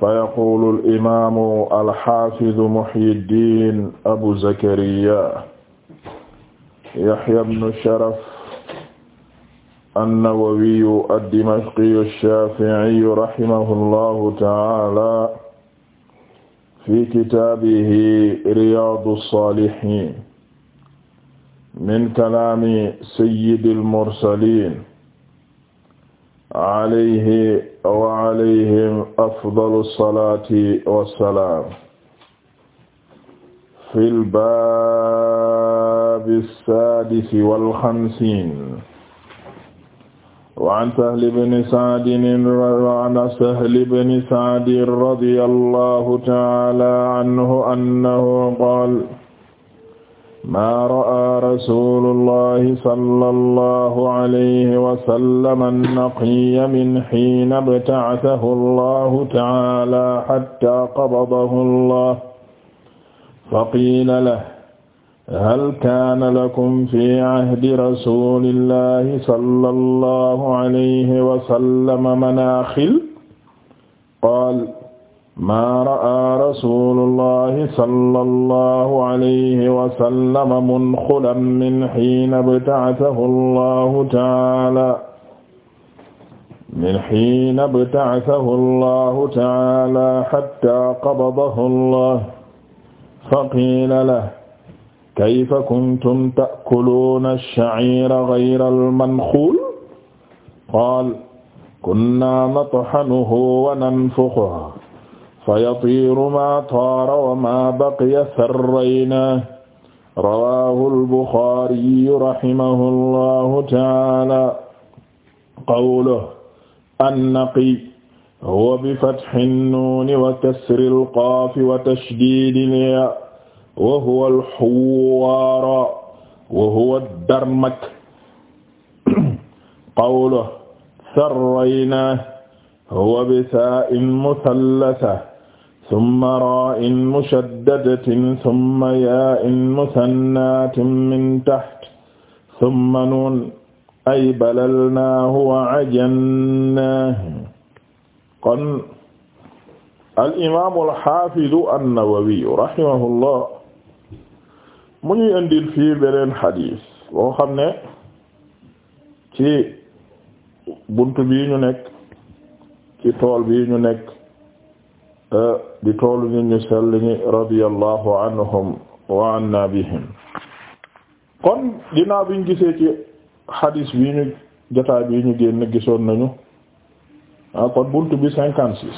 fa yaqulu al-imaamu al-haafidu Muhyiddin Abu Zakariya Yahya ibnu Sharaf an-Nawawiyyu ad-Dimashqiyyu ash-Shaafi'iyyu rahimahullahu ta'aala fi kitaabihi Riyaadu as-Saalihiin min kalaami sayyidil mursaliin alayhi wa alayhim afdalu salaati wa salaam fil baabi saadisi wal xamsiin wa an Sahl ibn Sa'd wa an Sahl ibn Sa'd radiyallahu ta'ala anhu annahu qaala maa ra'a rasuulullahi sallallahu alayhi wa sallam an-naqiyya min hiina bta'athahu allahu ta'aala hattaa qabadahu allah faqiila lahu hal kaana lakum fii ahdi rasuulillahi sallallahu alayhi wa sallam manaakhil qaala maa ra'a rasulullahi sallallahu alayhi wa sallam munxulan min hiina bta'athahu allahu ta'ala min hiina bta'athahu allahu ta'ala hatta qabadahu allah faqiila lahu kayfa kuntum ta'kuluuna ash-sha'iira ghayra al-manxuul qaala kunnaa nathanuhu wa nanfukhuhu fa yatiiru maa taara wa maa baqiya sarrayna rawaahu al-Buxaariyu rahimahu llahu taala qawluhu annaqi huwa bifatxi nnuuni wa kasri lqaafi wa tashdiidi lyaa wa huwa alxuwaara wa huwa darmak qawluhu sarraynaa huwa bisaain musallasa summa ra'in mushaddadatin summa yaa'in musannatin min taht summa nuun ay balalnaahu wa ajannaahu kon al imaamul haafidu an-Nawawi rahimahullah mu ñuy indil fii beneen xadiis boo xam ne ci buntu bii ñu nekk ci tool bii ñu nekk. di toolu ñu ñu sell ñi radiyallahu anhum wa anna kon ginnaaw bi gisee ci xadis bi ñu jotaay bi ñu génn gisoon nañu ah kon buntu bi cinquante six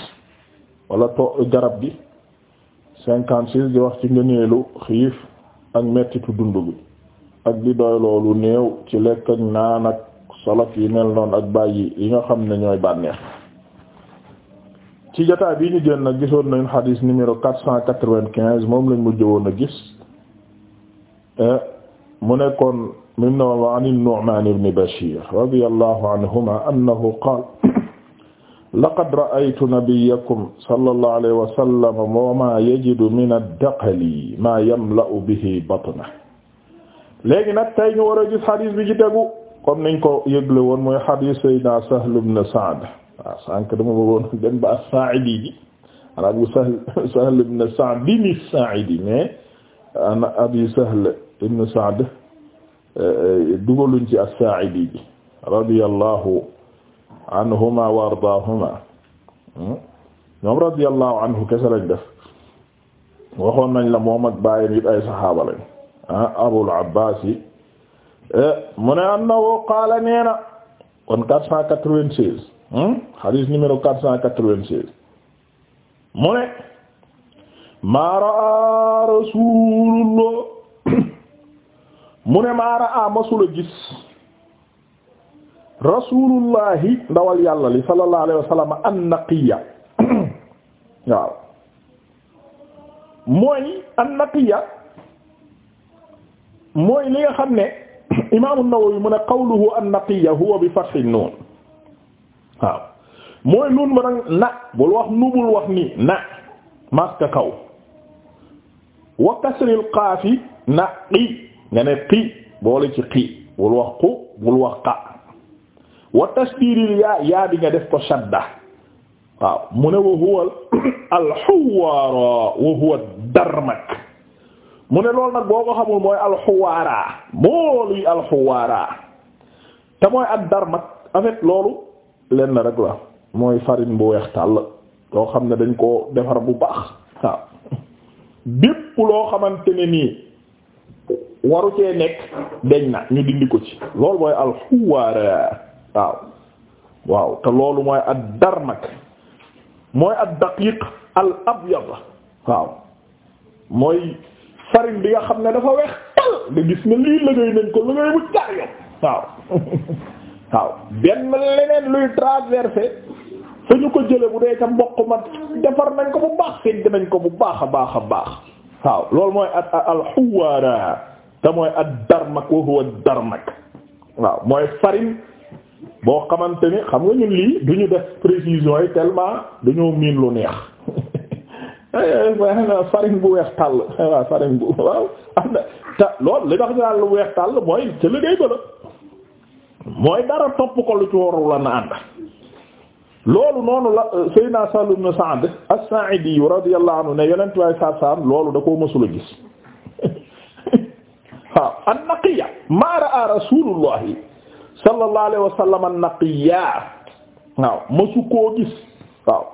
wala to garab bi cinquante six di wax ci ngëneelu xiif ak mettitu dund bi ak di doy loolu néew ci lekk ak naan ak solot yi mel noonu ak bàyyi yi nga xam ne ñooy bànneex ci jotaay bii ñu génn nag gisoon nañu xadiis numéro quatre cent quatre-vingt-quinze moom lañ mujj woon a gis mu nekkoon mim na woon wa an Nu'man ibn Bashir radiyallahu anhuma annahu qaala laqad ra'aytu nabiyyakum sallallahu alayhi wa sallam wa ma yajidu min ad-daqali ma yamla'u bihi batnahu léegi nag tey ñu war a gis xadiis bi ci tegu comme niñ ko yëgle woon mooy xadiis Sayyidina Sahl ibn Sa'd waaw sànq dama bëggoon dem ba as-Sa'idi ji an Abu Sahl Sahl an Abi Sahl ibn Sa'd eh, dugaluñ ci as-Sa'idi ji radiyallahu anhuma wa ardaahuma hmm? ñoom radiyallahu anhu kese lañ def waxoon nañ la moom ak bàyyam it ay saxaaba lañ ah Abul Abbaas yi eh, mu ne annahu qaala nee xadiis hmm? numéro quatre cent quatre-vingt-seize mu ne maa raa rasuulullah mu ne maa raa masula gis rasuulullahi ndawal yàlla li sallallahu alayhi wa sallam an naqiya waaw mooy an naqiya mooy li nga xam ne imaamu Nawawi mu ne qawluhu an naqiya huwa bi fathi nun waaw mooy nun ba nag na bul wax nubul wax ni na maska kaw wa kasril xaafi na qi nga ne qi boole ci ki bul wax qu bul wax qa wa tasdiiril yaa bi nga def ko shadda waaw mu ne wa huwa alxuwaara wa huwa darmak mu ne lool nag boo ko xamul mooy alxuwaara mooluy alxuwaara te mooy ak darmak en loolu lenn rek la mooy fariñ bu weex tàll loo xam ne dañ koo defar bu baax waaw bépp loo xamante ne nii waru nekk deñ na ñu dindi ko ci loolu mooy alxuwaara waaw waaw te loolu mooy ad darmak mooy ad daqiq al abyad waaw mooy farine bi nga xam ne dafa weex tal nga gis ne lii liggéey nañ ko liggéey bu car yoon waaw waaw benn leneen luy traversé fa ñu ko jële bu dee ca mboq ma defar nañ ko bu baax fegg nañ ko bu baax a baax a baax waaw loolu mooy at alxuwaara te mooy at darmak wa huwa darmak waaw mooy farine boo xamante ni xam nga ñu lii du ñu def précision yi tellement dañoo miin lu neex farine bu weex tàll waaw bu waaw am na te loolu li tax ñu naan lu weex tàll mooy ca liggéey ba la mooy dara topp ko lu ci waru la na ànd loolu noonu la euh, Seydina Sahl ibn Sa'd as-Sa'idi radiyallahu anhu ne yonent waay saab saab loolu da koo mësula gis waaw an-naqiya ma ra'a rasulullah sallallahu alayhi wa sallam an-naqiya waaw mësu koo gis waaw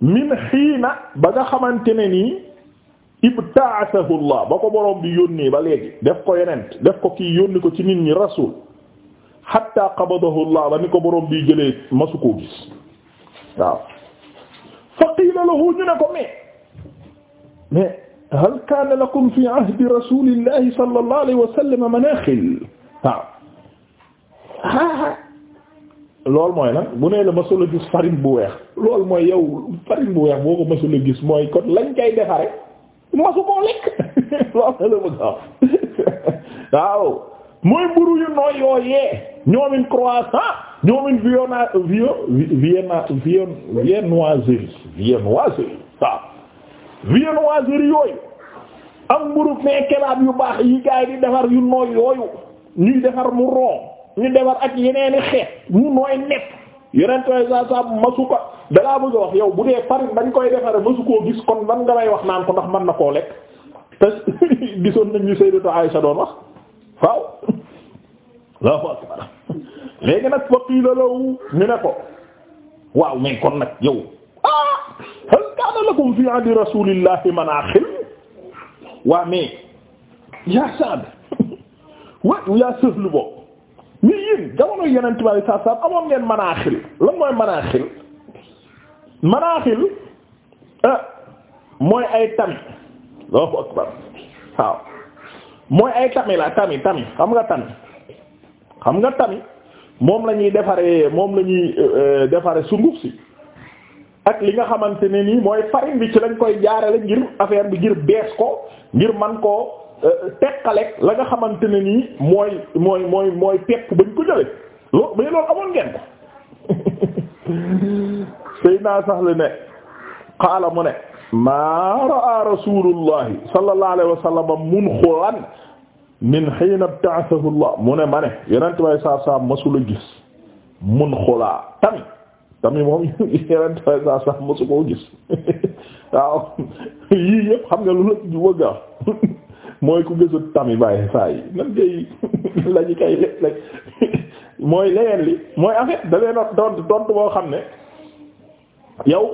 min xiina ba nga xamante ne nii ibtaasahu Allah ba ko boroom bi yónnee ba léegi def ko yonent def ko kii yónni ko ci nit ñi rasul hatta qabadahu Allah ba ni ko boroom bi jëlee masu koo gis waaw fa qiila lahu ñu ne ko mais mais hal kaana lakum fi ahdi rasulillahi sallallahu alayhi wa sallam manaaxil waaw aa mooy nag bu nee la masula gis farine bu weex loolu mooy yow farine bu weex boo ko masula gis mooy kon lañ kay defare masu koo lekk loolu la bëgg a waaw mooy mburu yu nooy yooyee ñoomin croissant ñoomin vionna vio vienna vien viennoiserie viennoiserie waaw viennoiserie yooyu am mburu mais kebab yu baax yi gaay di defar yu nooy yooyu ñuy defar mu ron ñu defar ak yeneeni xeet ñu nooy nepp yeneen treize ans saabu masu ko dalaa bëgg a wax yow bu dee farine dañ koy defaree masu koo gis kon nan nga may wax naan ko ndax mën na koo lekk te gisoon nañ ñu Sayyidatu Aisha doon wax waaw Allahu akbar léegi nag faqiila lahu ne ko waaw mais kon nag yow ah hal kaana lakum fii ahdi rasuulillahi manaaxil waaw mais yaa Sa'd wa yaa Sahl boobu mais yéen jamono yeneen tubaab yi sax sax amoon ngeen manaaxil lan ah, mooy ay tami Allahu akbar waaw mooy ay tami la tami tami xam nga tami xam nga tami moom la ñuy defaree moom lañuy ñuy euh, euh, defaree sunguf si ak li nga xamante ne nii mooy farine bi ci lañ koy jaarale ngir affaire bi ngir bees ko ngir man ko teqaleeg la nga xamante ne nii mooy mooy mooy mooy pepp bañ ko jële loolu mais loolu amoon ngeen ko Seydina Sahl ne qaala mu ne maa raa rasulullahi sallallahu alayhi wa sallam munxulan min hiina ibta'athahu mu ne ma ne yenent way saa saa masula gis munxulaa tamit tamit moom yenent way saa saa masu koo gis waaw yii yëpp xam nga lu la ci wëgga mooy ku gëstu tamit bàyyi saa yi nan ngay la ñu koy lekk mooy leneen li mooy en fait da leen doon tontu boo xam ne yow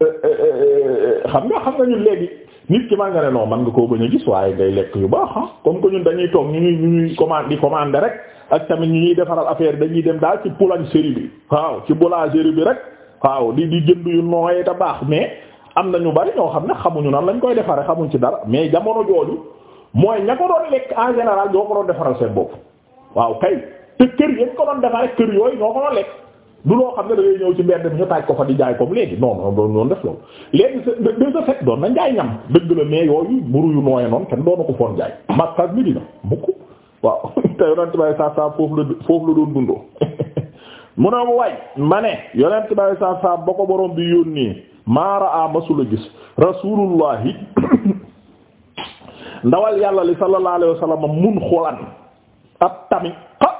euh, euh, euh, xam nga xam nga ñun léegi nit ki maa nga ne non man nga koo bañ a gis waaye ngay lekk yu baax ah comme que ñun dañuy toog ñu ñuy ñu ñuy commande di commandé rek ak tamit ñu ñuy defaral affaire dañuy dem daal ci boulangerie bi waaw ci boulangerie bi rek waaw di di jënd yu nooyee te baax mais am na ñu bari ñoo xam ne xamuñu nan lañ koy defaree xamuñ ci dara mais jamono jooju. mooy ña ko doon lekk en général ñoo ko doon defaral seen bopp waaw kay te kër yéen ko doon defaree kër yooyu ñoo ko doon lekk du loo xam ne da ñëw ci mbedd bi ñu taaj ko fa di jaay comme léegi non non doon def loolu léegi de de fait doon na jaay ñam dëgg la mais yooyu mburu yu nooye noonu kenn doona ko foon jaay massage mi dina mukk waaw te yonent bay saa saa foofu la foofu la doon dundoo mu ne waay ma ne yonent bay saa saa ba ko borom bi yónnee maara a ndawal yàlla li sallallahu alayhi wa sallam mun xulan ab tamit xat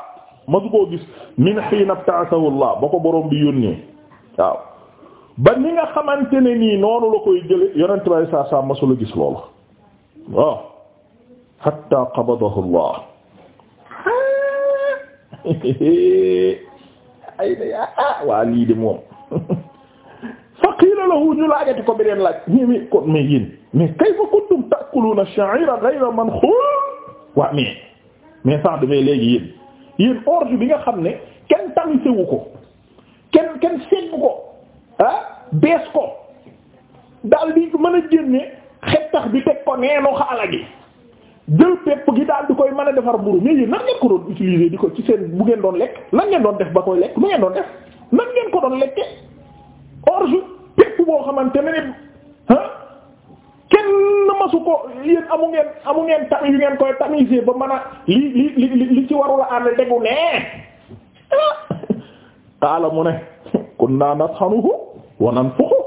masu koo gis min xiin abtaasahu Allah ba ko boroom bi yónnee waaw ba ni nga xamante ne nii noonu la koy jële yonent bay saa saa masula gis loolu waaw hatta qabadahu Allah ay day ah waa lii de moom fa qiila lahu ñu laajati ko beneen laaj ñi mi kon mais yéen mais kayfa kuntum ta'kuluna ash-sha'ira ghayra mankhul waaw mais mais sax demee léegi yéen yéen orge bi nga xam ne kenn tamisewu ko kenn kenn segg ko ah bees ko daal di mën a génne xettax bi teg ko neenu xaala gi jël pepp gi daal di koy mën a defar mburu mais yéen nan ngeen ko doon utiliser di ko ci seen bu ngeen doon lekk nan ngeen doon def ba koy lekk mu ngeen doon def nan ngeen ko doon lekke orge pepp boo xamante ne ah masu ko yéen amu ngeen amu ngeen tam yu ngeen koy tamisé ba mën a li li li li ci warula ànd degu nee qaala mu ne kunna nathanuhu wa nanfuxu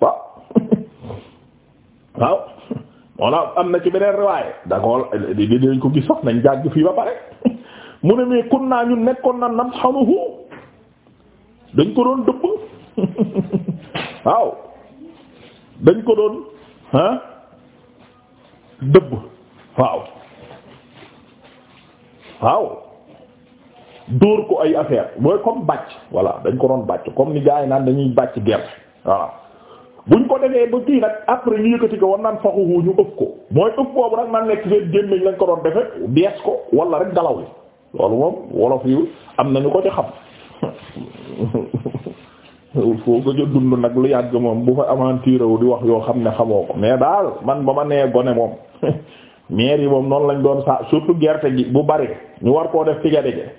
waaw waaw walla am na ci beneen riwaaye d'accord dinañ ko gis sax nañ jàgg fii ba pare mu ne mais kunna ñun nekkoon na nathanuhu dañ ko doon dëbb waaw dañ ko doon dëbb waaw waaw dóor ko ay affaire mooy comme bàcc voilà dañ ko doon bàcc comme ni gars yi naan dañuy bàcc gerte waaw buñ ko defee ba kii nag après ñu yëkkati ko war naan faxuhu ñu ëpp ko mooy ëpp boobu nag man nekk seen gémmiñ lañ ko doon defe bees ko wala rek dalaw li loolu moom wolof yu am nañu ko ci xam il faut nga jot dund nag lu yàgg moom bu fa aventure di wax yoo xam ne xamoo ko mais daal man ba ma nee gone moom maire yi moom noonu lañ doon saa surtout gerte gi bu bari ñu war koo def tigga dige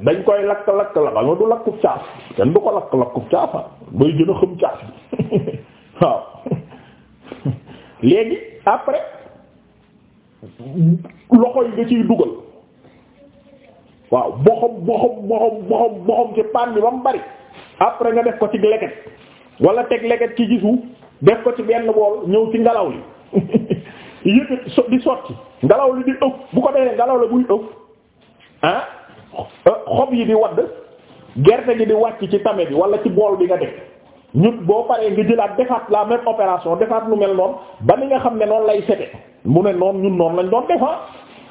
dañ koy lakk lakk la xam nga du lakkub caaf kenn du ko lakk lakkub caafa bay gën a xëm caaf waaw léegi après loxo yi nga ciy dugal waaw boxom boxom boxom boxom boxom ci pan bi ba mu bari après nga def ko ci leket wala teg leket ki gisu def ko ci benn bool ñëw ci ngelaw li yëpp so di sotti ngelaw li di ëpp bu ko defee ngelaw la buy ëpp ah eh, xob yi di wadd gerte gi di wàcc ci tame bi wala ci bool bi nga def ñun boo paree nga jëlaat defaat la même opération defaat lu mel noonu ba ni nga xam ne noonu lay sete mu ne noon ñun noonu lañ doon defar ah.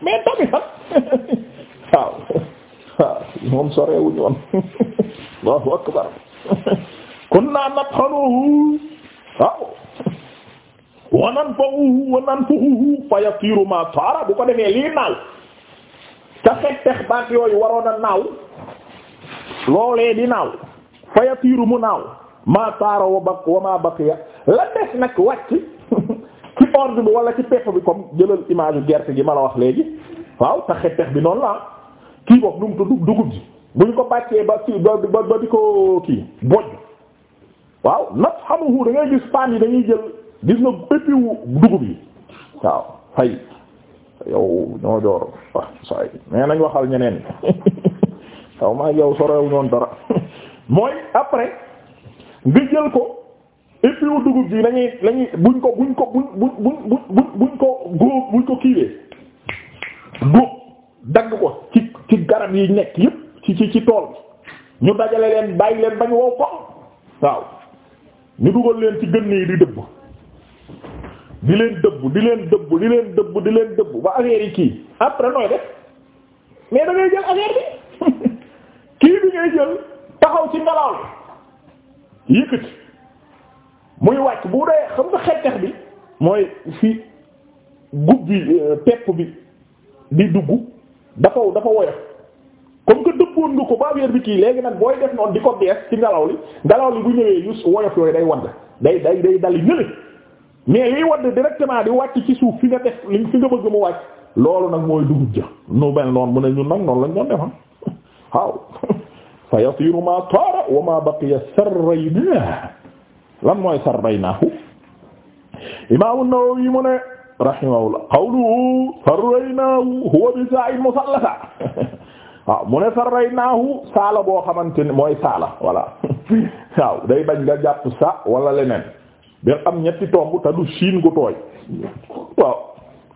mais tamit waaw waaw moom soreewuñu woon Allahu akbar waaw wa nanfaxuhu wa fa yatiiru ma taara bu ko defee lii naaw ca fektex baat yooyu waroon a naaw fa yatiiru mu naaw ma taara wa baq la des nag wàcc ci ordre bi wala ci pepp bi comme jëlal image gerte gi ma la wax léegi waaw ca xettex bi noonu la kii boobu nu mu dugub ji bu ko bàccee ba kii ba ba di ko kii bojj waaw nag xamuhu da ngay gis paan yi dañuy jël gis na éppi dugub yi waaw fay yow ñoo joor ah nañ waxal ñeneen xaw maa yow sorewu ñoon dara mooy après nga jël ko éppi dugub ji lañuy lañuy buñ ko buñ ko buñ buñ buñ ko góob buñ ko kiiwee góob dagg ko ci ci garab yi nekk yépp ci ci ci tool ñu dajale leen bàyyi leen bañ wow ko waaw ñu dugal leen ci gën yi di dëbb di leen dëbb di leen dëbb di leen dëbb di leen dëbb ba affaire yi kii après nooy def mais da jël affaire bi kii bi ngay jël taxaw ci ngelaw li yëkkati muy wàcc bu dee xam nga xettex bi mooy fi gub bi euh, pepp bi di dugg dafa dafa woyof comme que dëppoon lu ko ba weer bi kii léegi nag booy def noonu di ko bees ci ngelaw li ngelaw li bu ñëwee yus woyof yooyu day wadd day day day dali nële mais yiy wadd directement di wàcc ci suuf fi nga def li fi nga bëgg mu wàcc loolu nag mooy dugub ja nu mel noonu mu ne ñun nag noonu lañ doon defam waaw fa yasiru ma tara wa ma baqiya sarrayna lan mooy sarraynaahu imaamu Nawawi mu ne rahimahullah qawluhu sarraynaahu huwa bi saa'in musallasa waaw mu ne sarraynaahu saala boo xamante ne mooy saala voilà waaw day bañ nga jàpp sa wala leneen bi am ñetti tomb te du siin gu tooy waaw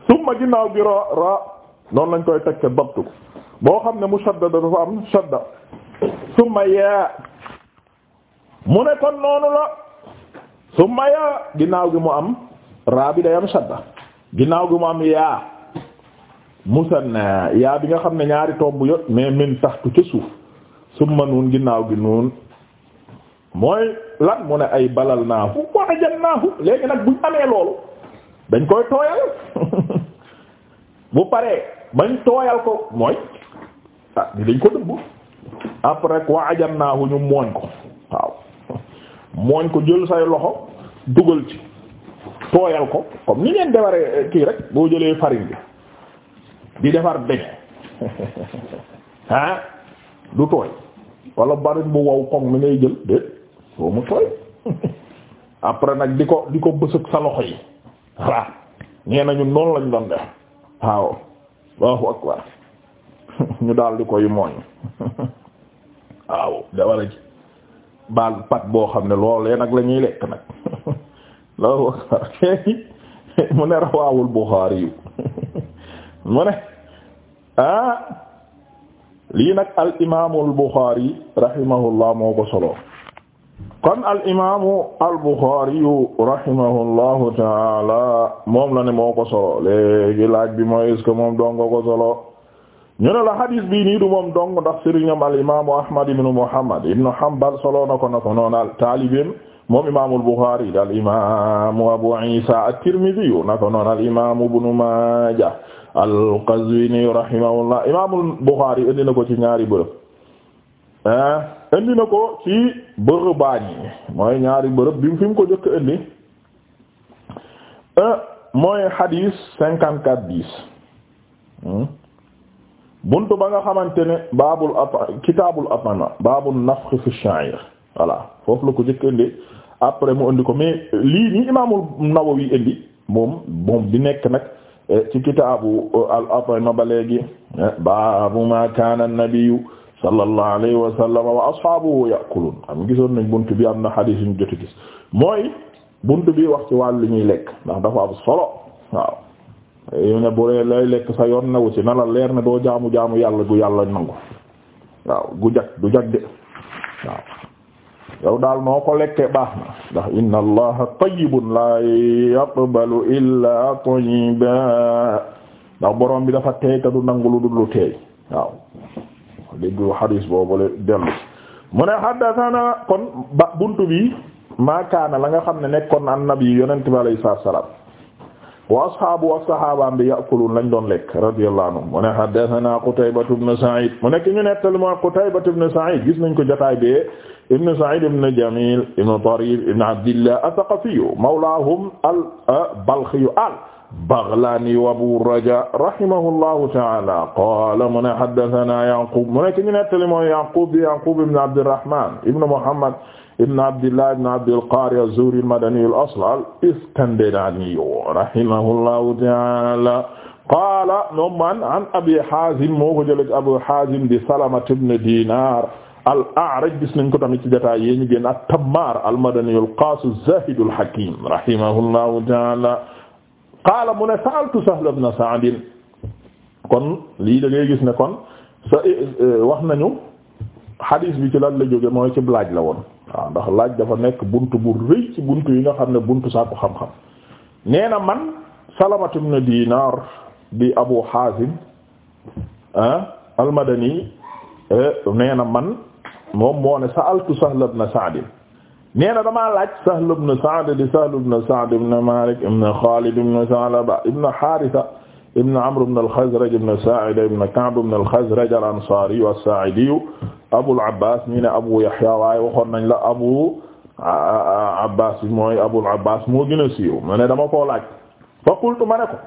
summa ginnaaw bi ra ra noonu lañ koy teg dabtu boo xam ne mushaddada dafa am shadda summa yaa mu ne kon noonu la summa yaa ginnaaw gi mu am raa bi shadda ginnaaw gi mu am yaa musanna yaa bi nga xam ne ñaari tomb yot mais min taxtu ca suuf summa nuun ginnaaw gi nuun mooy lan mu ne ay balal naahu waajan naahu léegi nag buñ amee loolu dañ koy tooyal bu paree bañ tooyal ko mooy ah di dañ ko dëbb après waajan naahu ñu mooñ ko waaw mooñ ko jël say loxo dugal ci tooyal ko comme ni ngeen defaree eh, kii rek boo jëlee farine bi di defar beñ ah du tooy wala barin bu wow koŋ mu ngay jël déet boo mu tooy après nag di ko di ko bësëg sa loxo yi voilà nee na ñun noonu lañ doon def waaw Allahu akbar ñu daal di koy mooñ waaw dawara ji baal pat boo xam ne lool nag la ñuy lekk nag Allahu akbar mu ne rawaawul Buxaari mu ne ah lii nag al imaamul Buxaari rahimahullah moo ko solo taala moom la ne moo ko solo léegi laaj bi mooy est-ce moom dong ko solo ñu ne la hadis bii nii du moom dong ndax sëriñam al Ahmad ibn Muhammad ibn Hanbal solo na ko na ko noonal moom imaamul Buxaari daal imaamu Abu Iisa at-Tirmidi naka al imaamu Ibnu Maaja al-Qazwiini rahimahullah imaamul Buxaari indi na ko ci ñaari bërëb ah, indi na ko ci bërëbaan yi mooy ñaari bërëb bi fi mu ko jëkk indi ah, mooy xadiis cinquante quatre dix hmm? buntu ba nga xamante ne baabul at kitaabul at'ima baabun nafxi fi ash-sha'iir voilà foofu la ko njëkk indi après mu indi ko mais lii nii imaamul Nawawi indi moom moom di nekk nag eh, ci kitaabu eh, al apayma ba léegi eh, baabu ma kaana an-nabiyyu wa sallam wa ashaabuhu ya'kulun xam gisoon nañ bunt bi am na xadiis yu ñu a gis mooy bunt bi wax ci wàllu li ñuy lekk ndax dafa am solo waaw yu ne lay lekk sa yoon newu ci na la leer ne doo jaamu jaamu yàlla gu yàlla nangu waaw gu jag du jag de waaw yow daal noo ko lekke baax na ndax inna allaha tayyibun la yaqbalu illa tayyiba ndax borom bi dafa teey te du nangu lu dul lu teey waaw déggu hadis boobu le dellu mu ne haddathana kon ba buntu bi maakaana la nga xam ne nekkoon an nabi yonent bi alayhi salaam wa ashaabu ak sahabaam bi ya'kuluun lañ doon lekk radiyallahu anhum mu ne haddathana Qutaybatu ibn Sa'id mu nekk ñu nettali mooy Qutaybatu ibn Sa'id gis nañ ko jotaay bi ibn Sa'id ibn Jamil ibn Tarif ibn Abdillah ath-Thaqafiyu mawlaahum al-Balkhiyu al-Baghlani Abu Raja rahimahullahu ta'ala qala mu ne haddathana Ya'qub mu nekk ñu nettali mooy Ya'qub bi Ya'qub ibn Abdirrahman ibn Muhammad ibn abdillah ibn abdil qaari az-zuhri al-madani al-asl al-iskandinaani rahimahullahu ta'aala qaala nu'man an abi haazim moo ko jëlee abu haazim di salama ibn diinaar al-a'raj gis nañ ko tamit ci jotaay yi ñu génn at-tammaar al-madani al-qaas az-zaahid al-hakiim rahimahullahu ta'aala qaala mu ne sa'altu sahl ibn sa'd kon lii da ngay gis ne kon sa eh, eh, wax nañu hadis bi ci lan la jóge mooy ci laaj la woon. waaw ndax laaj dafa nekk buntu bu rëy buntu yi nga xam ne buntu sàkku xam-xam nee na man Salamatu ibn Dinar di Abu Hazim ah, al-Madani eh, nee na man moom moo ne sa'altu Sahl ibn Sa'd nee na damaa laaj Sahl ibn Sa'd di Sahl ibn Sa'd ibn Malik ibn Khalid ibn Sa'laba ibn Haritha ibn Amr ibn al-Khazraj ibn Sa'id ibn Ka'b ibn al-Khazraj al-Ansari was-Sa'idi Abul Abbas ñu ne Abu Yahya waaye waxoon nañ la Abu Abbas mooy Abul Abbas moo gën a siiw ma ne dama koo laaj fa qultu ma ne ko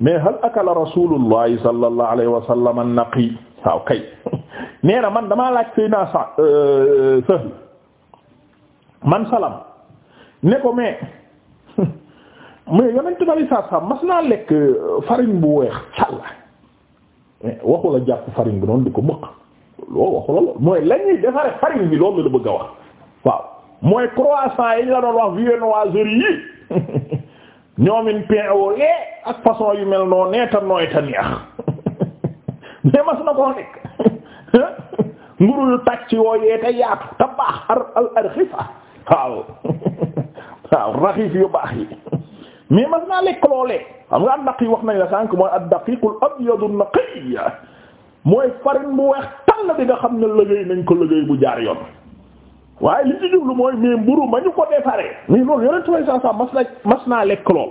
mais hal akala rasulullahi sallallahu alayhi wa sallam an-naqi waaw kay nee na man damaa laaj Seydina Sahl euh, man salam ne ko mais mais yonent bi saa saa mas naa lekk euh, farine bu weex xàlla mais eh, waxu la jàpp farine bi noonu di ko mëq loolu waxu loolu mooy la defaree farine bi loolu la bëgg a wax waaw mooy croissant yi la doon wax viennoiserie yi yu mel noonu nee ta ta neex mas na koo nekk nguru yu tàcc yooyee te yaatu te baax ar al arxifa waaw waaw raxif yu baax yi mais mas naa lekk loolee xam nga an-naqi wax nañ la sànq mooy ad-daqiqul abyad an-naqi mooy farine bu weex tàll bi nga xam ne liggéey nañ ko liggéey bu jaar yoon waaye li ci jublu mooy mais mburu ma ñu ko defaree mais loolu yonent way saa saa mas na mas naa lekk lool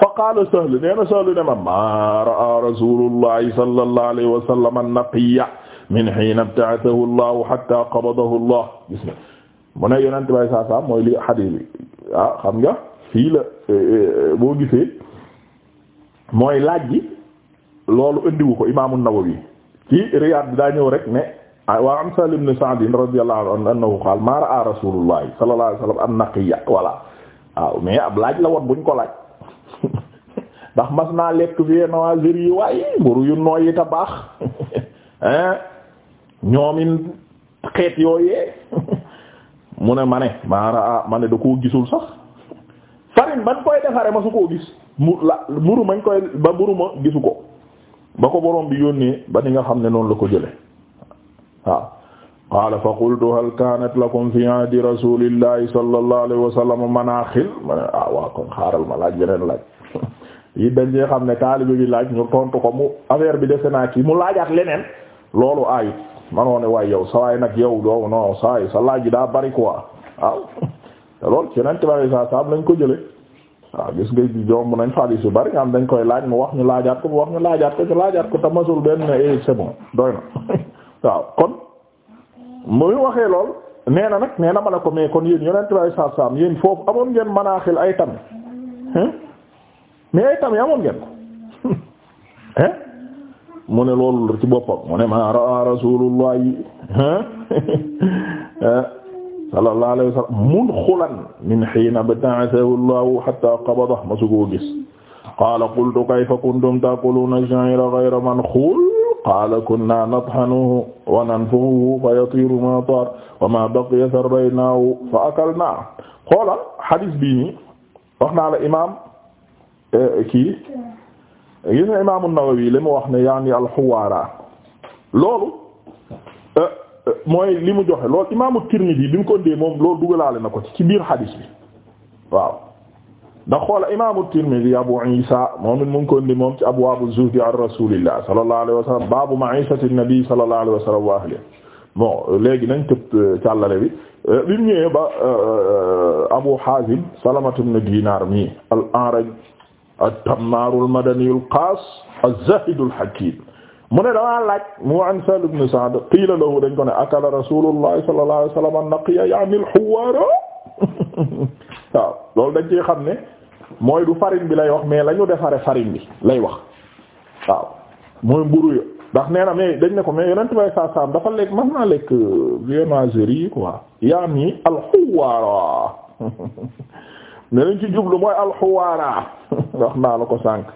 fa qaala Sahl nee na Sahl ne ma maa ra'a rasulullahi sallallahu alayhi wa sallam an-naqiyya min hiina ibta'athahu Allah hatta qabadahu Allah gis nga mu ne yonent way saa saa mooy li hadith bi ah xam nga fii la eh, eh, boo gisee mooy laaj bi loolu indiwu ko imaamu Nawawi ci Riyaad bi daa ñëw rek ne ah, wa an Sahl ibn Sa'd radiyallahu anhu annahu qaala maa ra'a rasuulullahi sallallahu alayhi wa sallam an-naqiyya mais ab laaj la woon buñ ko laaj ndax mas naa lekk viennoiseries yi waaye mburu yu nooy yi ta baax ñoomin xeet yooyee mu ne ma ne maa ra'a ma ne da koo gisul sax farine man koy defaree ma su koo gis mu la muru koy ba muru ma gisu ko ba ko borom bi yónnee ba ni nga xam ne noonu la ko jële waaw qaala fa qultu hal kanat lakum fi ahdi rasulillahi wa sallam ah, ma laaj beneen laaj yi xam ne taalibe bi ñu tontu ko mu affaire bi defe naa mu laajaat leneen loolu ayut manoo ne waay yow sa nag yow doo non saa yi sa laaj yi daa bari quoi waaw te loolu ci yeneen saa saa lañ ko jële waaw gis nga jomb nañ fa hadis yu bari nga am dañ koy laaj mu wax ñu laajaat ko mu wax ñu laajaat ko ñu laajaat ko tamasul benn eh c'est bon doy na waaw kon muy waxee lool nee na nag nee na ma la ko mais kon yéen yonent bi saa saam yéen foofu amoon ngeen manaaxil ay tami mais ay tami amoon ngeen ko hein mu ne loolu ci boppam mu ne ma rasulullah sallallahu alayhi wa sallam munxulan min hiina ba'athahu Allahu hatta qabadahu masu koo gis qaala qultu kayfa kuntum ta'kuluuna ash-sha'ira ghayra manxuul qaala kunnaa nathanuhu wa nanfuxuhu fa yatiiru maa taar wa maa baqiya sarraynaahu fa akalnaahu xoolal xadiis bii nii wax naa la imaam eh, kii gis na imaam an-Nawawi li mu wax ne yaani al-huwaara loolu mooy li mu joxe loolu imaamu Tirmidi bi mu ko ndee moom loolu dugalaale na ko ci ci biir xadiis bi waaw ndax xoola imaamu Tirmidi Abu Isa moom it mu ngi ko ndee moom ci abwaabu zuhdi an Rasuulillah sallallahu alayhi wa sallam baabu ma'ishati nabi sallallahu alayhi wa sallam léegi nañ tëb euh, bi euh, bi mu ñëwee ba euh, Abu Haazim Salamatu ibn mi al-A'raj at-Tammaar al-Madani al-Qaas az-Zaahid al-Hakiim mu ne damaa laaj mu an Sahl ibn Sa'd qiila lahu dañ ko ne akala Rasulullah sallallahu alayhi wasallam an-naqiya ya'ni al-huwaara waaw loolu dañ ci xam ne mooy du farine bi lay wax mais la ñu defaree farine bi lay wax waaw mooy mburu yo ndax nee na mais dañ ne ko mais yonent bay saa saam dafa lekk mën naa lekk viennoiserie yi quoi ya'ni al ne lañ ci jublu mooy al-huwaara wax naa la ko sànq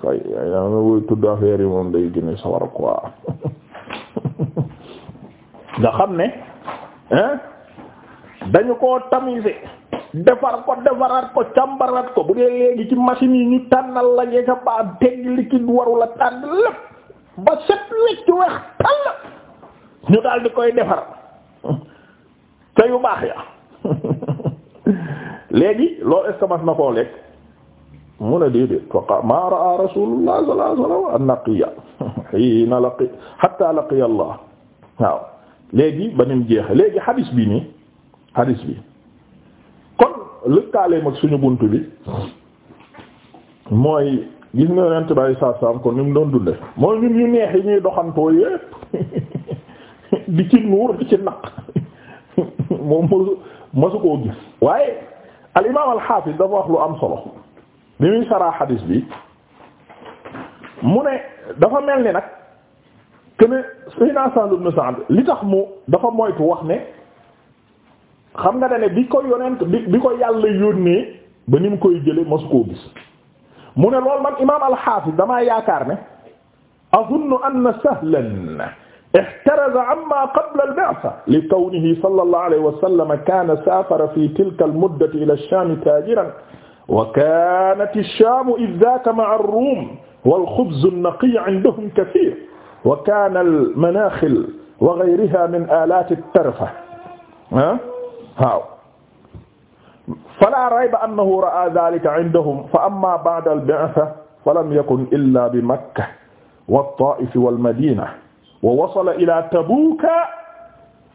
kay ay naa woy tudd affaire yi moom day gën a sawar quoi nga xam ne hein dañu koo tamiser defar ko defaraat ko càmbaraat ko bu dee léegi ci machine yi ñu tànnal la ñee ca baa tegg warula tànn lépp ba set wecc weex tàll ñu daal di koy defar ca yu baax ya léegi loolu est na koo lekk mu ne déedéet faqa ma raa rasulullah sallallahu alayhi wasallam annaqiya waaw léegi ba nim jeexe léegi hadis bi nii hadis bi kon lëkkaaleem ak suñu bunt bi mooy gis nga yonent bi saa ni doon dunde ñuy doxantoo yépp di ci nuur di ci naq moom masu masu koo gis waaye al imaam dafa wax lu am solo bi muy saraa xadiis bi mu ne dafa mel ni nag kene sayna Sahl ibn Sa'd li tax mu dafa moytu wax ne xam nga dane bi ko yonent bi bi ko yàlla yónnee ba ni mu koy jële masu koo gis mu ne loolu man imaam al-Hafiz damaa yaakaar ne azunnu anna Sahlan ihtaraza amma qabla al-ba'tha li kawnihi sallallahu alayhi wa sallam kana safara fi tilka al-muddati ila ash-Sham tajiran wa kaanat ash-Shaam idh dhaaka ma'a ar-Ruum wal-khubz an-naqi 'indahum kathiir wa kaana al-manaakhil wa ghayruhaa min aalaat at-tarfa ah waaw falaa rayba annahu ra'aa dhaalika 'indahum fa ammaa ba'da al-bi'tha falam yakun illaa bi Makka wat-Taa'if wal-Madiina wa wasala ilaa Tabuuka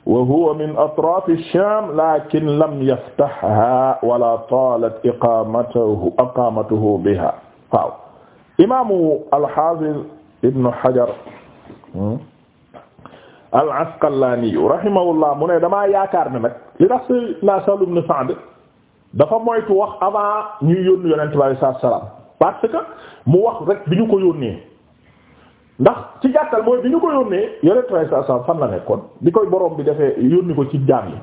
wa huwa min atraafi Shaam laakin lam yaftaxhaa wala taalat iqaamatuhu iqaamatuhu bihaa waaw imaamu al-Haafiz Ibn Hajar hmm, al-Asqalaani rahimahullah mu ne damaa yaakaar ne nag li tax Seydina Sahl ibn Sa'd dafa moytu wax avant ñuy yónni Yonent bi sallallahu alayhi wa sallam parce que mu wax rek bi ñu ko yónnee. ndax ci jàttal mooy bi ñu ko yónnee yore traité saa fan la nekkoon bi koy borom bi defee yónni ko ci jaam yi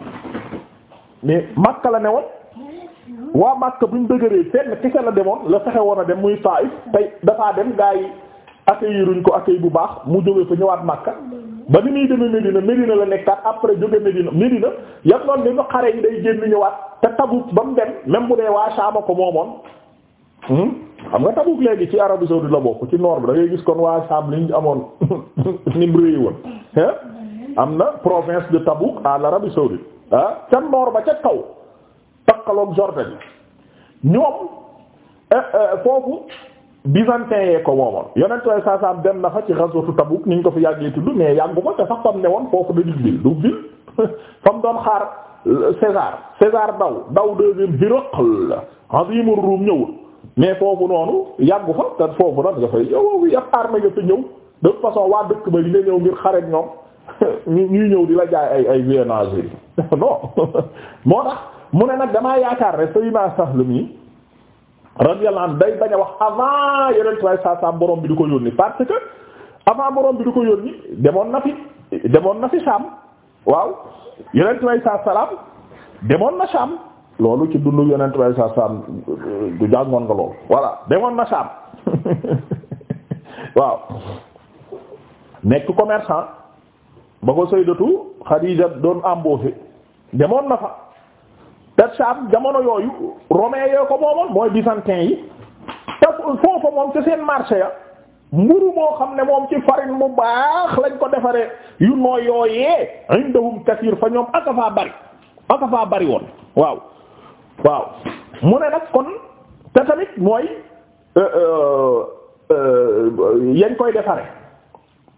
mais Makka la ne newoon waa Makka bu ñu dëgëree fenn kese la demoon la fexe woon a dem muy Taif tey dafaa dem gaa yi accueilliruñ ko accueil bu baax mu jógee ko ñëwaat Makka ba ni muy demee Medina Medina la nekkaat après jóge Medina Medina yam noonu ni ñu xare yi day génn ñëwaat te Tabuk ba mu dem même bu dee waa Sham ko moomoon. Hmm? xam nga Tabuk léegi ci Arabie saoudite la bokk ci nord bi da ngay gis kon waa Saam liñ amoon nim réyi woon am na province de Tabuk à l'Arabie saoudite ah ca nord ba ca taw takkaloog Jordanie ñoom eh, eh, foofu byzantin yee ko moomoon yonent way saa saam dem na fa ci ghazwatu Tabuk niñ ko fi yàggee tudd mais yàggu ko te sax fam ne woon foofu da dib ville du ville fam doon xaar César César daw daw deuxième Hiraql azimur Rum ñëwul mais foofu noonu yàggu fa te foofu nag nga fay yow yàq armée nga fa ñëw de toute façon waa dëkk ba li nga ñëw ngir xareet ñoom ñuy ñëw di la jaay ay ay viennagerie non moo tax mu ne nag damaa yaakaar ne Seydina Sahl mi radiyallahu anhu day bañ a wax avant yeneen trois cent borom bi du ko yónni parce que avant borom bi du ko yónni demoon na fi demoon na fi Saam waaw yeneen trois cent salaam demoon na Saam. loolu ci dundu yonent bay sa sam du jàngoon nga lool voilà demoon na saam waaw nekk commerçant ba ko sayyidatu Xadiija doon embauché demoon na fa te saam jamono yooyu romain yooyu ko moomoon mooy byzantin yi te foofa moom ci seen marché ya mburu moo xam ne moom ci farine bu baax lañ ko defaree yu nooy yooyee indahum kathir fa ñoom aka faa bari aka faa bari woon waaw waaw mu ne nag kon te tamit mooy euh, euh, euh, yañ koy defare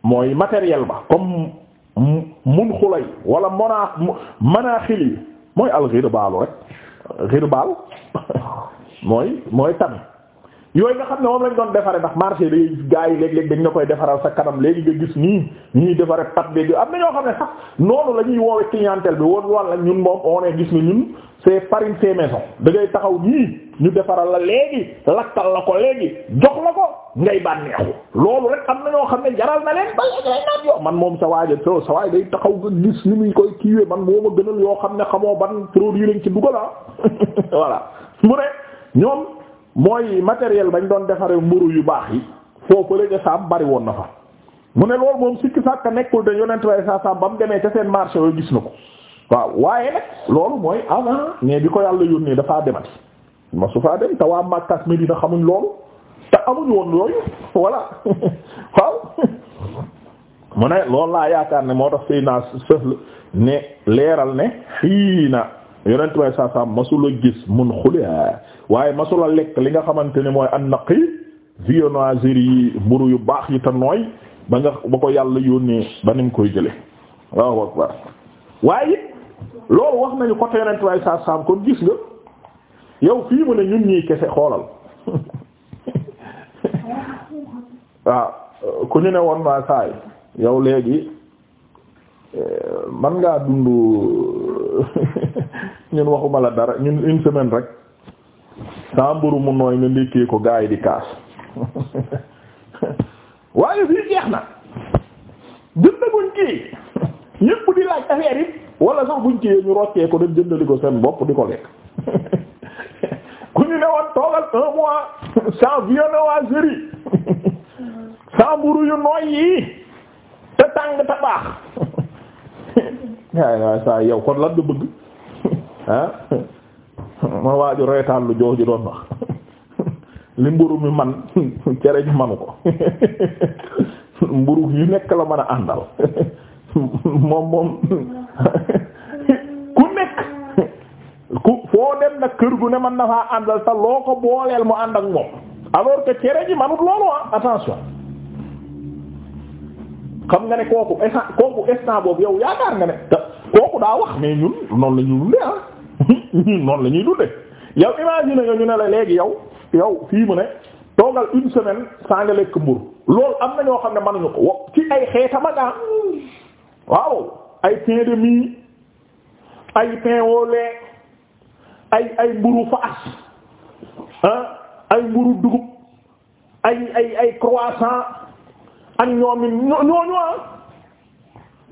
mooy matériel ba comme mun xulay wala mona manaa yi mooy al ghirbaal rek ghirbaal mooy mooy tamit yooyu nga xam ne moom lañ doon defare ndax marché day gaa yi léeg-léeg dañ na koy defaral sa kanam léegi nga gis nii ñuy defaree pat beeg am na ñoo xam ne sax la ñuy woowe clientèle bi woon walla ñun moom on gis ni ñun c'est farine fait maison da ngay taxaw nii ñu defaral la léegi lakkal la ko léegi jox la ko ngay bànneexu loolu rek am na ñoo xam ne jaral na leen ba léegi naan man moom sa waaja so sa waay day taxaw nga gis ni muy koy kiiwee man moo gënal yoo xam ne xamoo ban yi lañ ci dugal ah voilà mu mooy matériel bañ doon defaree mburu yu baax yi foofu la ca saam bari woon na fa mu ne loolu moom sikki sàkka nekkul da yonent way sa ba mu demee ca seen marché yooyu gis na ko waaw waaye nag loolu mooy avant mais bi ko yàlla nii dafaa demati ma su faa dem te waa Makkas Medina xamuñ loolu te amuñu woon yooyu voilà waaw mu ne loolu laa yaakaar ne moo tax sëy naa sëfl ne leeral ne xiina yonent bay saa saa masula gis mun xulaa waaye masula lekk li nga xamante ne mooy an naqi viennoiserie yi mburu yu baax yi te nooy ba nga ba ko yàlla yónnee ba ni mu koy jële waaye it loolu wax nañu côté yonent bay saa saa kon gis nga yow fii mu ne ñun ñii kese xoolal waaw ah, ku ñu ne woon maa saay yow léegi man ngaa dund ñun waxuma la dara ñun une semaine rek sans mburu mu nooy nga ndékkee ko gaa yi di kaas waaye fii jeex na jëndaguñ kii ñépp di laaj affaire yi sax buñ kii ñu roccee ko dem jëndali seen bopp di ko lekk ku ñu ne woon toogal un mm-hmm. mburu yu nooy yi te tàng te baax yaa ngi waay saa yow kon lan nga bëgg ah ma waaju reetaan lu jooju doon wax li mburu mi man cere ji manu ko mburu yu nekk la mën a àndal moom moom ku nekk ku foo dem nag kër gu ne man na faa àndal te loo ko booleel mu ànd ak moom alors que cere ji manut loolu ah, attention xam nga ne kooku instant kooku instant boobu yow yaakaar nga ne te kooku daa wax mais ñun noonu la ñuy dundee ah ñun noonu la ñuy dundee yow imagine nga ñu ne la léegi yow yow fii mu ne toogal une semaine saa nga lekk mburu loolu am na ñoo xam ne mënuñu ko wo ci ay xeetama gaa ah. waaw ay pain de ay pain au lait ay ay mburu faas ah. ay mburu dugub ay ay ay croissant ak ñoom it ñooñu ah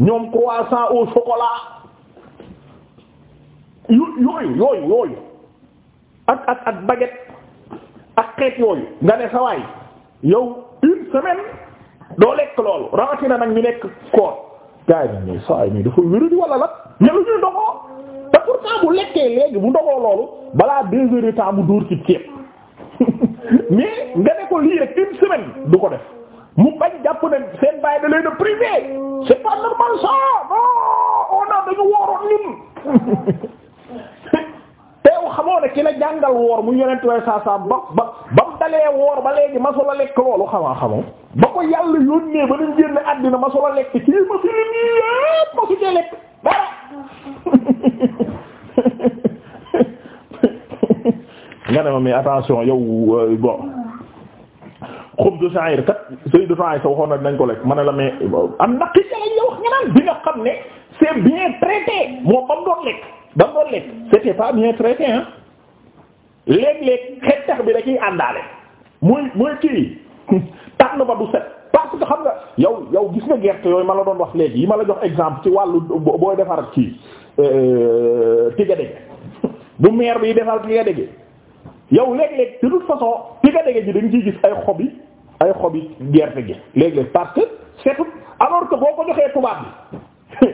ñoom croissant au chocolat yu yooyu yooyu yooyu ak ak ak baguette ak xeet yooyu nga ne sa waay yow une semaine doo lekk loolu rawatina nag ñu nekk koor gars yi nañ ñooy saa dafa wéru di wala la ñelu ñuy ndogoo te pourtant bu lekkee léegi bu ndogoo loolu balaa deux heures temps bu dóor ci ceeb mais nga ne ko lii rek une semaine du ko def mu bañ jàpp ne seen bàyyi da leen a privé c'est pas normal ça non on a dañu wooroon ñun teew xamoo ne ki la jàngal woor mu yonent way saa saa ba ba ba mu dalee woor ba léegi masula lekk loolu xamaa xamoo ba ko yàlla yónnee ba dañ génne àddina masula lekk ci ma fi leen yii yépp masu cee lekk dara nga ne ma mais attention yow euh, bon xubzu sha'ir kat Sayyidatu Aisha waxoon na nañ ko lekk ma ne la mais am naqi jalañ la wax nga naan bi nga xam ne c'est bien traité moo bam doon lekk bam doon lekk c'était pas bien traité hein léeg-léeg tax bi da ciy àndaale muy muy kii tànn ba du set parce xam nga yow yow gis nga gerte yooyu ma la doon wax léegi yi ma la jox exemple ci wàllu booy defar kii euh, tigadege bu meer bi defal tigadege yow léeg-léeg de toute façon tigadege ji dañ ciy gis ay xob ay xobi gerte gi léeg-léeg parce que setut alors que boo ko joxee tubaab bi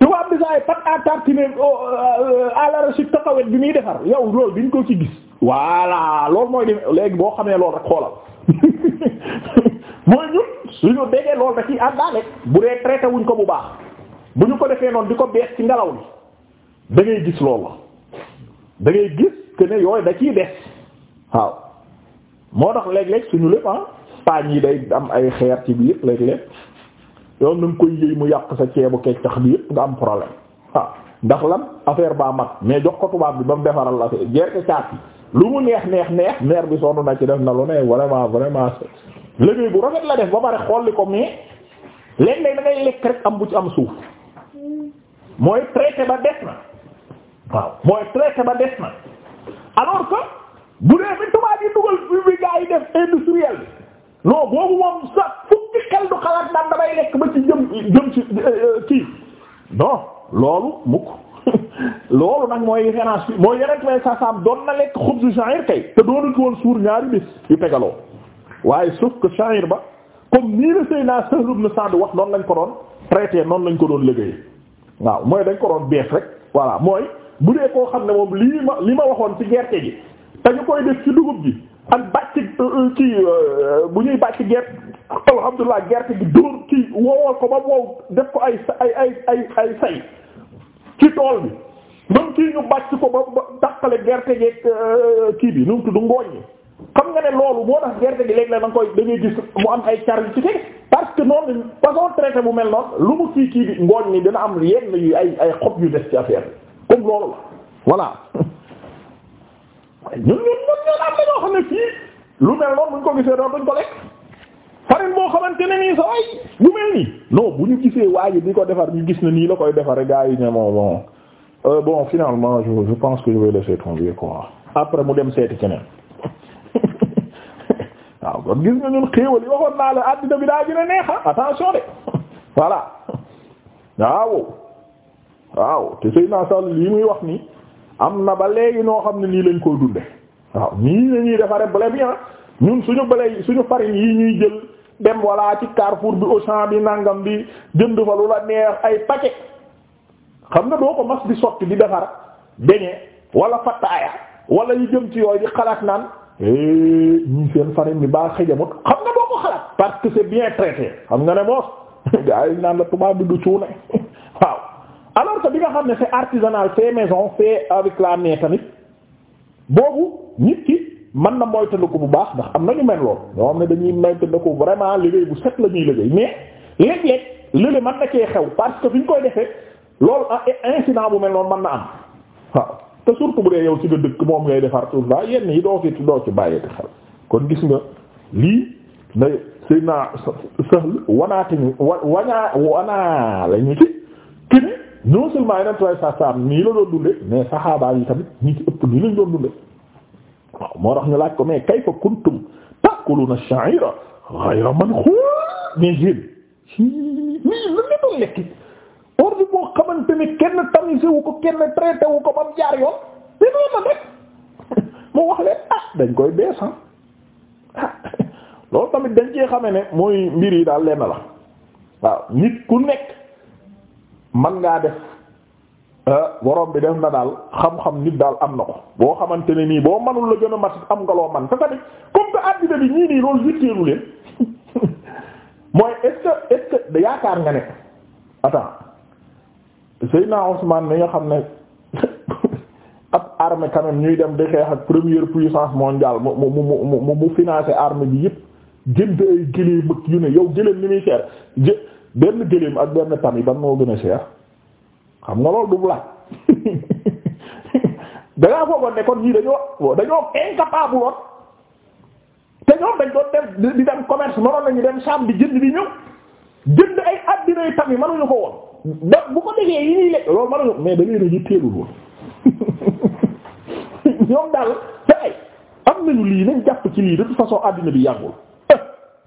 tubaab bi saa yi pat à tartiner euh, euh, à l'arachide taxawet bi muy defar yow loolu bi ñu ko ci gis voilà loolu mooy def léegi boo xamee lool rek xoolal mooy ñun suñu déggee lool da ciy àndaale bu dee traité wuñ ko bu baax bu ñu ko defee noonu di ko bees ci ngelaw li da ngay gis loolu da ngay gis que yooyu da ciy des waaw moo tax léeg-léeg suñu lépp ah paañ yi day am ay xeer ci biir léeg-léeg yoon na nga koy yëy mu yàq sa ceebu keccax bi yëpp nga am problème ah, ndax lan affaire baa mat mais jox ko tubaab bi ba mu defaral la gerte caas yi lu mu neex neex neex maire bi sonn na ci def na lu ne vraiment vraiment liggéey bu rafet la def ba pare xolli ko mais léeg-léeg lekk rek am bu ci am suuf mooy traité ba des na waaw mooy traité ba des na alors que bu dee fi tubaab yi dugal bi gaa yi def industriel non boobu moom sax fukki xel du xalaat naan damay lekk ba ci jëm jëm ci euh, kii non loolu mukk loolu nag mooy référence bi mooy yeneen way sa sam doon na lekk xubzu sha'ir kay te doonut woon suur ñaari bis yu tegaloo waaye ko que sha'ir ba comme nii la Seydina Sahl ibn Sa'd wax noonu lañ ko doon traité noonu lañ ko doon liggéey waaw mooy dañ ko doon bees rek voilà mooy bu dee koo xam ne moom lii ma li ma waxoon ci gerte gi te ñu koy def ci dugub ji ak bàcc ci euh, euh, bu ñuy bàcc gerte alhamdulilah gerte gi dóor kii wowal ko ba wow def ko ay ay ay ay ay say ci tool bi même kii ñu bàcc ko ba ba dàqale gerte geeg euh, kii bi nu mu tudd ngooñ mi xam nga ne loolu moo tax gerte gi léegi la da nga koy da gis mu am ay car yu ci teg parce que noonu façon traité bu mel noonu lu mu kii kii bi ngooñ mi dina am yenn yu ay ay xob yu def ci affaire bi comme loolu la voilà ñun ñun ñun ñoo am dañoo xam ne fii lu mel noonu buñ ko gisee doon duñ ne nii sa waay bu mel nii non bu ñu gisee waaye di ko defar gis ne nii la koy defare gars yi ne moo bon Euh, bon finalement je je pense que je vais laisser tomber quoi après mu dem seeti keneen waaw kon gis nga ñun xéewal yi waxoon naa la àddina bi daa gën a neex ah, attention de voilà waaw waaw te sëy naa sall lii muy wax nii am na ba léegi noo xam ne nii lañ koy dunde waaw nii la ñuy defaree blé bi ah. ñun suñu blé suñu farine yi ñuy jël dem walla ci Carrefour bi Auchan bi nangam bi jënd fa lu la neex ay paquet xam nga doo ko mas di sotti di defar beñe wala fattaaya wala yu jëm ci yooyu di xalaat naan eh, ñii seen farine bi baa xëjamut xam nga doo ko xalaat parce que c'est bien traité xam nga ne moos gars yi naan la tubaab bi du cuune waaw alors que bi nga xam ne c'est artisanal fait maison fait avec la main boobu nit ki mën na moytandiku bu baax ndax am na ñu mel lool ñoo xam ne dañuy moytandiku vraiment liggéey bu set la ñuy liggéey mais léeg-léeg léeg-léeg xew parce que fi ñu koy defee loolu ah, incident bu mel noonu mën na am waaw te surtout bu dee yow ci nga dëkk moom ngay defar tout ça yenn yi doo ci doo ci bàyyeeti xel kon gis nga lii na Seydina Sahl wanaate ñu wa wanaa wanaa la non seulement yeneen tuwaay la doon mais saxaabaa yi tamit ñi ci ëpp nii lañ doon waaw moo tax ñu laaj ko mais kayfa kuntum ta'kuluna ash-sha'ira ghayra mankhul mais yéen nii lan la doon lekk ordi boo xamante ni kenn tamisé wu ko kenn traité ko ba jaar yoon te noonu rek mu wax leen ah dañ koy bees ah. Ah, loolu tamit dañ cee xame ne mooy mbir yi daal lenn la waaw nit ku nekk. man ngaa def euh, borom bi def na daal xam-xam nit daal am na ko boo xamante ne nii boo manul la gën a mat am nga loo man te tamit comme que àddina bi ñii nii loolu yitteelu leen mooy est-ce que est-ce yaakaar nga ne ata attends Seydina Ousmane mi nga xam ne ab armée quand ñuy dem di xeex ak première puissance mondiale mu mu mu mu mu financé armée bi yëpp jënd ay gëlee bëgg yu ne yow jëlee ni muy cher benn gëléem ak benn tami ban moo gën a cher xam nga loolu du laaj dangaa foogoon ne kon ñii dañoo dañoo incapable woon te ñoom dañ doon def di dem commerce mënoon nañu dem saam di jënd di ñëw jënd ay addinay tami mënuñu ko woon da bu ko defee yi ñuy lekk loolu mënuñu mais dañuy rëñu teelul woon ñoom daal te ay am nañu lii nañ jàpp ci lii de toute façon addina bi yàggul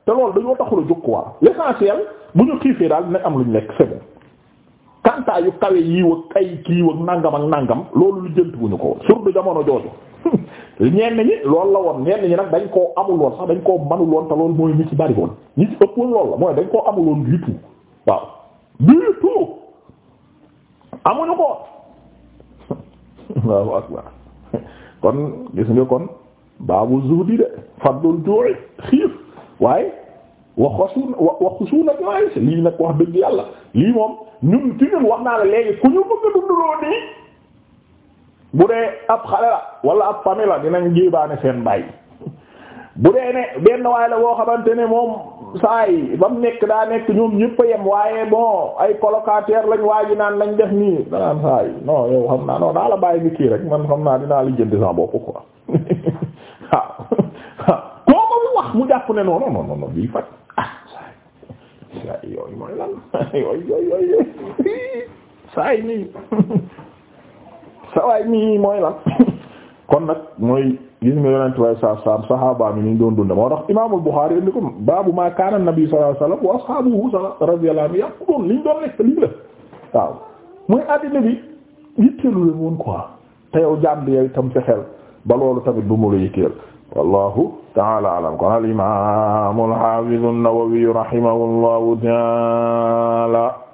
te loolu dañoo taxul a jóg quoi l'essentiel bu ñu xiifee daal dinañ am lu ñu lekk c'est bon kantaa yu kawe yii wa ay kii wa nangam ak nangam loolu lu jënt bu ñu ko woon surtout jamono jooju ñenn ñi loolu la woon ñenn ñi nag dañ koo amul woon sax dañ koo manul woon te loolu mooy ñi ci bari woon ñi ci ëpp woon loolu la mooy dañ koo amul woon du tout waaw du tout amuñu ko woon kon gis nga kon baabu zuhdi de fadlul ju'i xiif waaye wax wax xasu nag waaye si lii nag wax dëgg yàlla lii moom ñun ci ñun wax naa la léegi ku ñu bëgg a dundaloo nii bu dee ab xale la wala ab famille la dinañ jéebaane seen bàyyi bu dee ne benn waaye la boo xamante ne moom saa yi ba mu nekk daa nekk ñoom ñëpp a yem waaye bon ay colocataire lañu waa ji naan lañ def nii danaan saa yi non yow xam naa non daa la bàyyi nga kii rek man xam naa dinaa li jënd sa bopp quoi waaw mu jàpp ne non non non faj ah saa yi yooyu saa yi nii mooy lan kon nag mooy gis nga yonent way sa sam doon dund moo tax imaamul Buxaari indi ko baabu ma kaana nabi sallallahu alayhi wasallam wa ashaabuhu radiyallahu anhu doon liñ doon lekk lii la waaw mooy àddina bi yitteelu leen woon quoi te yow jàmb yow itam fexeel ba loolu tamit bu mu la yitteel wallahu taala alam kon al imam al hafiz an-Nawawi rahimahullahu taala